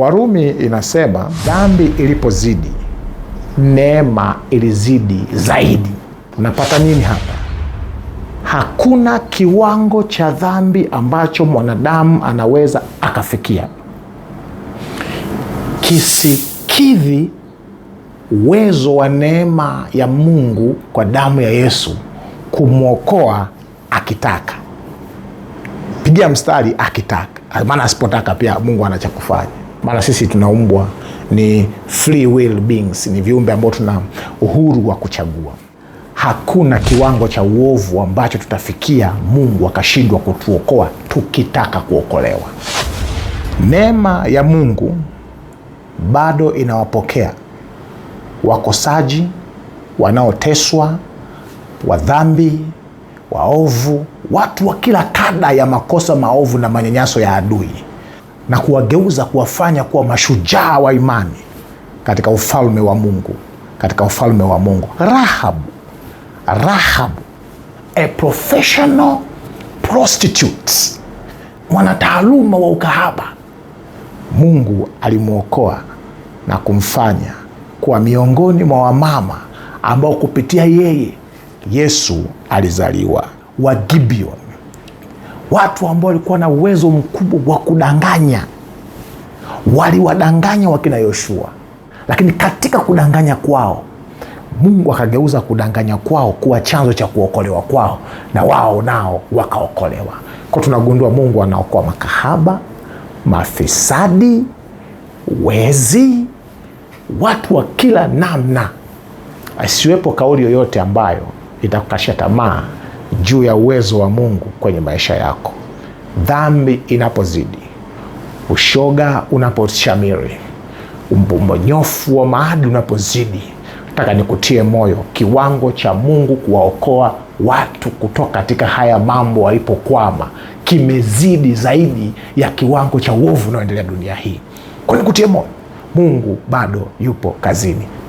Warumi inasema dhambi ilipozidi neema ilizidi zaidi. Unapata nini hapa? Hakuna kiwango cha dhambi ambacho mwanadamu anaweza akafikia kisikidhi uwezo wa neema ya Mungu kwa damu ya Yesu kumwokoa akitaka. Pigia mstari akitaka, maana asipotaka pia Mungu anachakufanya maana sisi tunaumbwa ni free will beings, ni viumbe ambao tuna uhuru wa kuchagua. Hakuna kiwango cha uovu ambacho tutafikia Mungu akashindwa kutuokoa tukitaka kuokolewa. Neema ya Mungu bado inawapokea wakosaji, wanaoteswa, wadhambi, waovu, watu wa kila kada ya makosa maovu na manyanyaso ya adui na kuwageuza kuwafanya kuwa mashujaa wa imani katika ufalme wa Mungu, katika ufalme wa Mungu. Rahabu, Rahabu, a professional prostitute, mwanataaluma wa ukahaba, Mungu alimwokoa na kumfanya kuwa miongoni mwa wamama ambao kupitia yeye Yesu alizaliwa. Wagibion watu ambao walikuwa na uwezo mkubwa wa kudanganya waliwadanganya wakina Yoshua, lakini katika kudanganya kwao Mungu akageuza kudanganya kwao kuwa chanzo cha kuokolewa kwao, na wao nao wakaokolewa. ko tunagundua Mungu anaokoa makahaba, mafisadi, wezi, watu wa kila namna, asiwepo kauli yoyote ambayo itakukashia tamaa juu ya uwezo wa Mungu kwenye maisha yako. Dhambi inapozidi, ushoga unaposhamiri, umonyofu wa maadi unapozidi, nataka nikutie moyo, kiwango cha Mungu kuwaokoa watu kutoka katika haya mambo walipokwama kimezidi zaidi ya kiwango cha uovu unaoendelea dunia hii. Kwa nikutie moyo, Mungu bado yupo kazini.